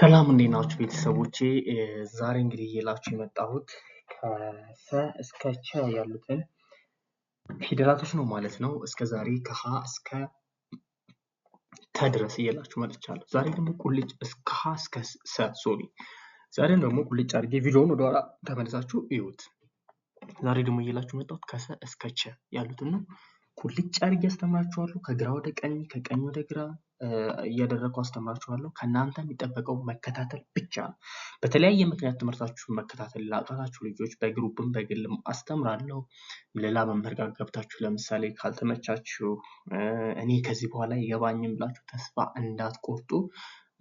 ሰላም እንዴት ናችሁ ቤተሰቦቼ? ዛሬ እንግዲህ እየላችሁ የመጣሁት ከሰ እስከ ቸ ያሉትን ፊደላቶች ነው ማለት ነው። እስከ ዛሬ ከሀ እስከ ተ ድረስ እየላችሁ መጥቻለሁ። ዛሬ ደግሞ ቁልጭ እስከ ሀ እስከ ሰ ሶሪ፣ ዛሬ ደግሞ ቁልጭ አድርጌ ቪዲዮውን ወደኋላ ተመልሳችሁ እዩት። ዛሬ ደግሞ እየላችሁ መጣሁት ከሰ እስከ ቸ ያሉትን ነው። ኩልጭ አድርጌ አስተምራችኋለሁ። ከግራ ወደ ቀኝ፣ ከቀኝ ወደ ግራ እያደረግኩ አስተምራችኋለሁ። ከእናንተ የሚጠበቀው መከታተል ብቻ ነው። በተለያየ ምክንያት ትምህርታችሁን መከታተል ላጣታችሁ ልጆች በግሩፕም በግልም አስተምራለሁ። ሌላ መምህር ጋር ገብታችሁ ለምሳሌ ካልተመቻችሁ እኔ ከዚህ በኋላ ይገባኝም ብላችሁ ተስፋ እንዳትቆርጡ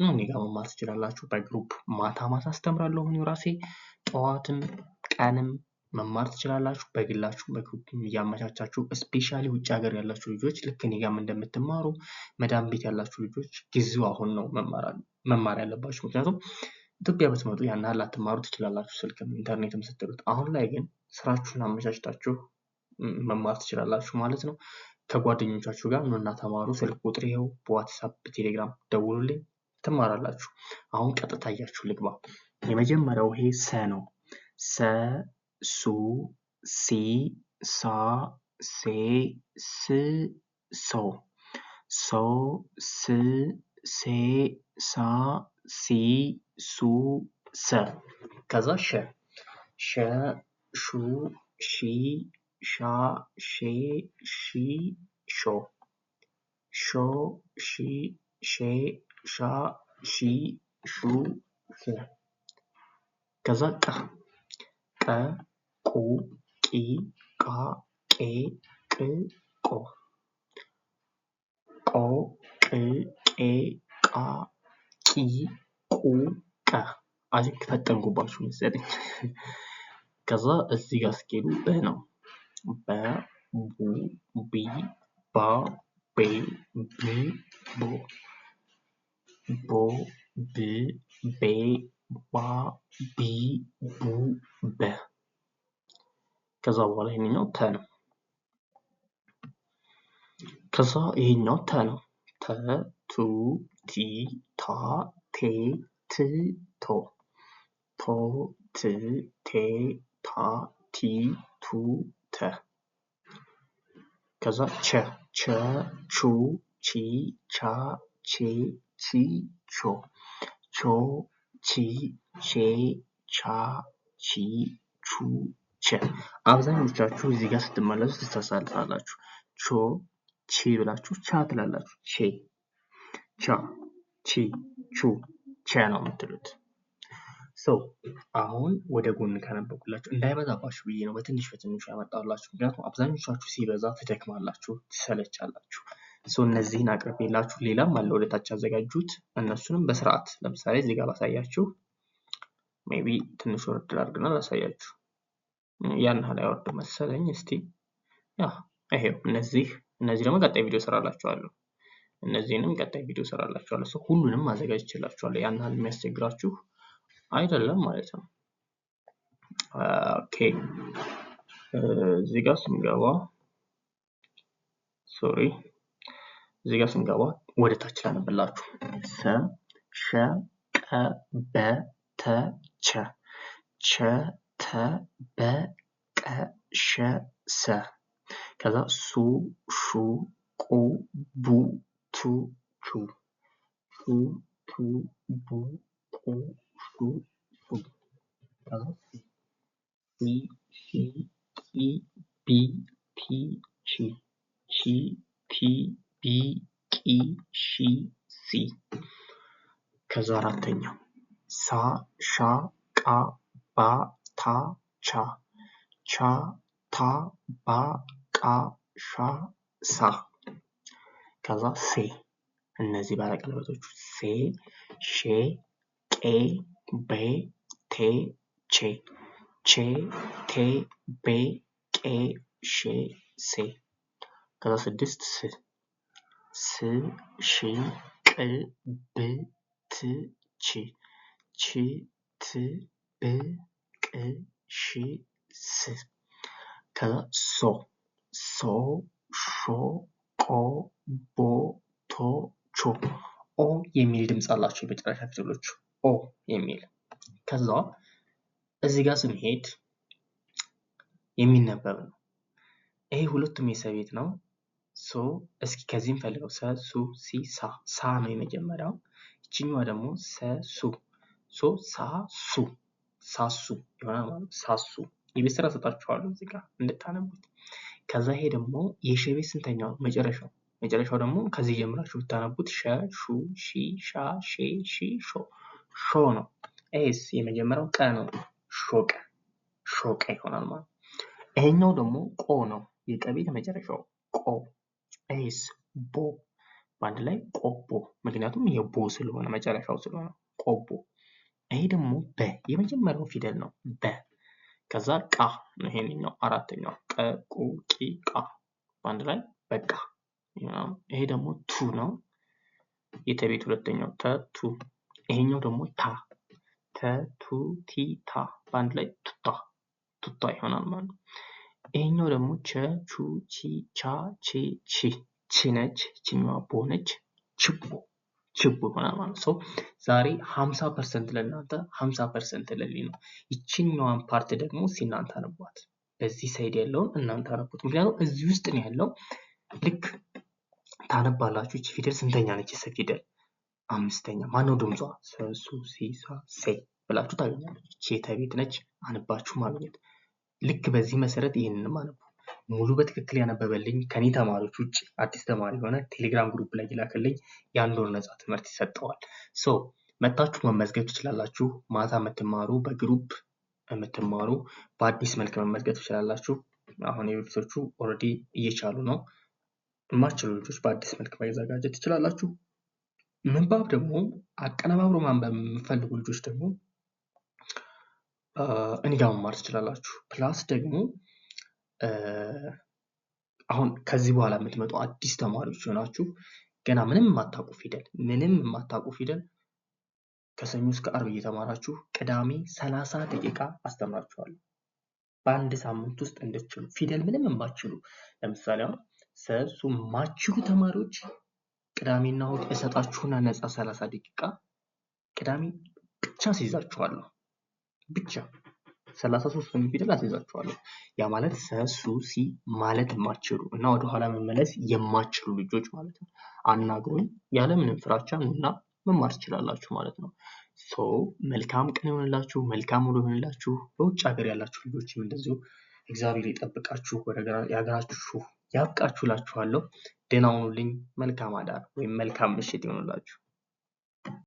ነው እኔ ጋር መማር ትችላላችሁ። በግሩፕ ማታ ማታ አስተምራለሁ እኔው ራሴ ጠዋትም ቀንም መማር ትችላላችሁ። በግላችሁ በግሩፕም እያመቻቻችሁ ስፔሻሊ ውጭ ሀገር ያላችሁ ልጆች ልክ እኔ እንደምትማሩ መዳም ቤት ያላችሁ ልጆች ጊዜው አሁን ነው መማር ያለባችሁ። ምክንያቱም ኢትዮጵያ ብትመጡ ያን ያህል ላትማሩ ትችላላችሁ፣ ስልክም ኢንተርኔትም ስትሉት። አሁን ላይ ግን ስራችሁን አመቻችታችሁ መማር ትችላላችሁ ማለት ነው። ከጓደኞቻችሁ ጋር ኑና ተማሩ። ስልክ ቁጥር ይኸው በዋትሳፕ በቴሌግራም ደውሉልኝ፣ ትማራላችሁ። አሁን ቀጥታ እያችሁ ልግባ። የመጀመሪያው ይሄ ሰ ነው። ሰ ሱ ሲ ሳ ሴ ስ ሶ ሶ ስ ሴ ሳ ሲ ሱ ሰ ከዛ ሸ ሸ ሹ ሺ ሻ ሼ ሺ ሾ ሾ ሺ ሼ ሻ ሺ ሹ ሸ ከዛ ቃ ቀ ቁ ቂ ቃ ቄ ቅ ቆ ቆ ቅ ቄ ቃ ቂ ቁ ቀ አይ ፈጠንኩባችሁ መሰለኝ። ከዛ እዚህ ጋር ስኬዱ በ ነው። በ ቡ ቢ ባ ቤ ብ ቦ ቦ ብ ቤ ባ ቢ ቡ በ ከዛ በኋላ ይሄኛው ተ ነው። ከዛ ይሄኛው ተ ነው። ተ ቱ ቲ ታ ቴ ት ቶ ቶ ት ቴ ታ ቲ ቱ ተ ከዛ ቸ ቸ ቹ ቺ ቻ ቼ ቺ ቾ ቾ ቺ፣ ቼ፣ ቻ፣ ቺ፣ ቹ፣ ቸ አብዛኞቻችሁ እዚህ ጋር ስትመለሱ ትሳሳታላችሁ። ቾ፣ ቺ ብላችሁ ቻ ትላላችሁ። ቼ፣ ቻ፣ ቺ፣ ቹ፣ ቸ ነው የምትሉት። ሰው አሁን ወደ ጎን ከነበኩላችሁ እንዳይበዛባችሁ ብዬ ነው በትንሽ በትንሹ ያመጣላችሁ። ምክንያቱም አብዛኞቻችሁ ሲበዛ ትደክማላችሁ፣ ትሰለቻላችሁ። ሰው እነዚህን አቅርቤላችሁ ሌላም አለ ወደታች ያዘጋጁት እነሱንም በስርዓት ለምሳሌ እዚህ ጋር ባሳያችሁ ሜቢ ትንሽ ወርድ ላድርግና ላሳያችሁ። ያን ላይ ወርድ መሰለኝ። እስቲ ይሄው እነዚህ እነዚህ ደግሞ ቀጣይ ቪዲዮ ሰራላችኋለሁ። እነዚህንም ቀጣይ ቪዲዮ ሰራላችኋለሁ። ሰው ሁሉንም ማዘጋጅ ይችላችኋለሁ። ያን ህል የሚያስቸግራችሁ አይደለም ማለት ነው። ኦኬ እዚህ ጋር ስንገባ ሶሪ እዚህ ጋር ስንገባ ወደ ታች ላነብላችሁ ሰ ሸ ቀ በ ተ ቸ ቸ ተ በ ቀ ሸ ሰ ከዛ ሱ ሹ ቁ ቡ ቱ ቹ ቹ ቱ ቡ ቁ ሹ ሱ ከዛ ሲ ሲ ቂ ቢ ቲ ቺ ቺ ቲ ቢ ቂ ሺ ሲ ከዛ አራተኛው ሳ ሻ ቃ ባ ታ ቻ ቻ ታ ባ ቃ ሻ ሳ ከዛ ሴ እነዚህ ባለቀለበቶቹ ሴ ሼ ቄ ቤ ቴ ቼ ቼ ቴ ቤ ቄ ሼ ሴ ከዛ ስድስት ስ ስ፣ ሽ፣ ቅ፣ ብ፣ ት፣ ት፣ ብ፣ ቅ፣ ስ። ከዛ ሶ ሶ፣ ሾ፣ ቆ፣ ቦ፣ ቶ፣ ቾ። ኦ የሚል ድምፅ አላቸው የመጨረሻ ፊደሎች ኦ የሚል ከዛ እዚህ ጋር ስንሄድ የሚነበብ ነው። ይሄ ሁለቱም የሰ ቤት ነው። ሶ እስኪ ከዚህ እንፈልገው ሰ ሱ ሲ ሳ ሳ ነው የመጀመሪያው። ይችኛዋ ደግሞ ሰ ሱ ሶ ሳ ሱ ሳሱ ይሆናል ማለት ሳሱ። የቤት ስራ ሰጣችኋለሁ እዚህ ጋር እንድታነቡት። ከዛ ይሄ ደግሞ የሸ ቤት ስንተኛው መጨረሻው መጨረሻው ደግሞ ከዚህ ጀምራችሁ ብታነቡት ሸ ሹ ሺ ሻ ሼ ሺ ሾ ሾ ነው። ኤስ የመጀመሪያው ቀ ነው ሾቀ ሾቀ ይሆናል ማለት። ይሄኛው ደግሞ ቆ ነው የቀቤት መጨረሻው ቆ ኤስ ቦ በአንድ ላይ ቆቦ። ምክንያቱም የቦ ስለሆነ መጨረሻው ስለሆነ ቆቦ። ይሄ ደግሞ በ የመጀመሪያው ፊደል ነው። በ ከዛ ቃ ይሄንኛው አራተኛው ቀ ቁ ቂ ቃ በአንድ ላይ በቃ። ይሄ ደግሞ ቱ ነው። የተቤት ሁለተኛው ተቱ። ይሄኛው ደግሞ ታ ተቱ ቲ ታ በአንድ ላይ ቱታ ቱታ ይሆናል ማለት ነው። ይሄኛው ደግሞ ቸ ቹ ቺ ቻ ቺ ቺ ቺ ነች። ቺኛዋ ነች። ችቦ ችቦ ምናምን ሰው ዛሬ 50 ፐርሰንት ለእናንተ 50 ፐርሰንት ለሌ ነው። ይችኛዋን ፓርት ደግሞ ሲናንተ አነቧት። በዚህ ሳይድ ያለውን እናንተ አነቡት። ምክንያቱም እዚህ ውስጥ ነው ያለው። ልክ ታነባላችሁ። ይቺ ፊደል ስንተኛ ነች? ሰ ፊደል አምስተኛ። ማነው ድምጿ? ሰሱ ሲሳ ሴ ብላችሁ ታገኛለች። ቼ ተቤት ነች። አንባችሁ ማግኘት ልክ በዚህ መሰረት ይህንንም አነቡ። ሙሉ በትክክል ያነበበልኝ ከኔ ተማሪዎች ውጭ አዲስ ተማሪ የሆነ ቴሌግራም ግሩፕ ላይ ይላክልኝ የአንድ ወር ነጻ ትምህርት ይሰጠዋል። ሶ መታችሁ መመዝገብ ትችላላችሁ። ማታ የምትማሩ በግሩፕ የምትማሩ በአዲስ መልክ መመዝገብ ትችላላችሁ። አሁን የቤቶቹ ኦልሬዲ እየቻሉ ነው። የማችሉ ልጆች በአዲስ መልክ መዘጋጀት ትችላላችሁ። ምንባብ ደግሞ አቀነባብሮ ማንበብ የምፈልጉ ልጆች ደግሞ እኔ ጋር መማር ትችላላችሁ። ፕላስ ደግሞ አሁን ከዚህ በኋላ የምትመጡ አዲስ ተማሪዎች ሆናችሁ ገና ምንም የማታውቁ ፊደል ምንም የማታውቁ ፊደል ከሰኞ እስከ አርብ እየተማራችሁ ቅዳሜ ሰላሳ ደቂቃ አስተምራችኋለሁ። በአንድ ሳምንት ውስጥ እንድችሉ ፊደል ምንም የማችሉ ለምሳሌ አሁን ሰሱ ማችሁ ተማሪዎች ቅዳሜና እሁድ እሰጣችሁና ነፃ ሰላሳ ደቂቃ ቅዳሜ ብቻ ሲይዛችኋለሁ። ብቻ ሰላሳ ሶስቱን ፊደል አስይዛችኋለሁ። ያ ማለት ሰሱ ሲ ማለት የማትችሉ እና ወደኋላ መመለስ የማትችሉ ልጆች ማለት ነው። አናግሩኝ ምንም ፍራቻ እና መማር ትችላላችሁ ማለት ነው። ሶ መልካም ቀን ይሆንላችሁ፣ መልካም ውሎ ይሆንላችሁ። በውጭ ሀገር ያላችሁ ልጆችም እንደዚሁ እግዚአብሔር ይጠብቃችሁ፣ ወደ የሀገራችሁ ያብቃችሁ እላችኋለሁ። ደህና ሁኑልኝ። መልካም አዳር ወይም መልካም ምሽት ይሆንላችሁ።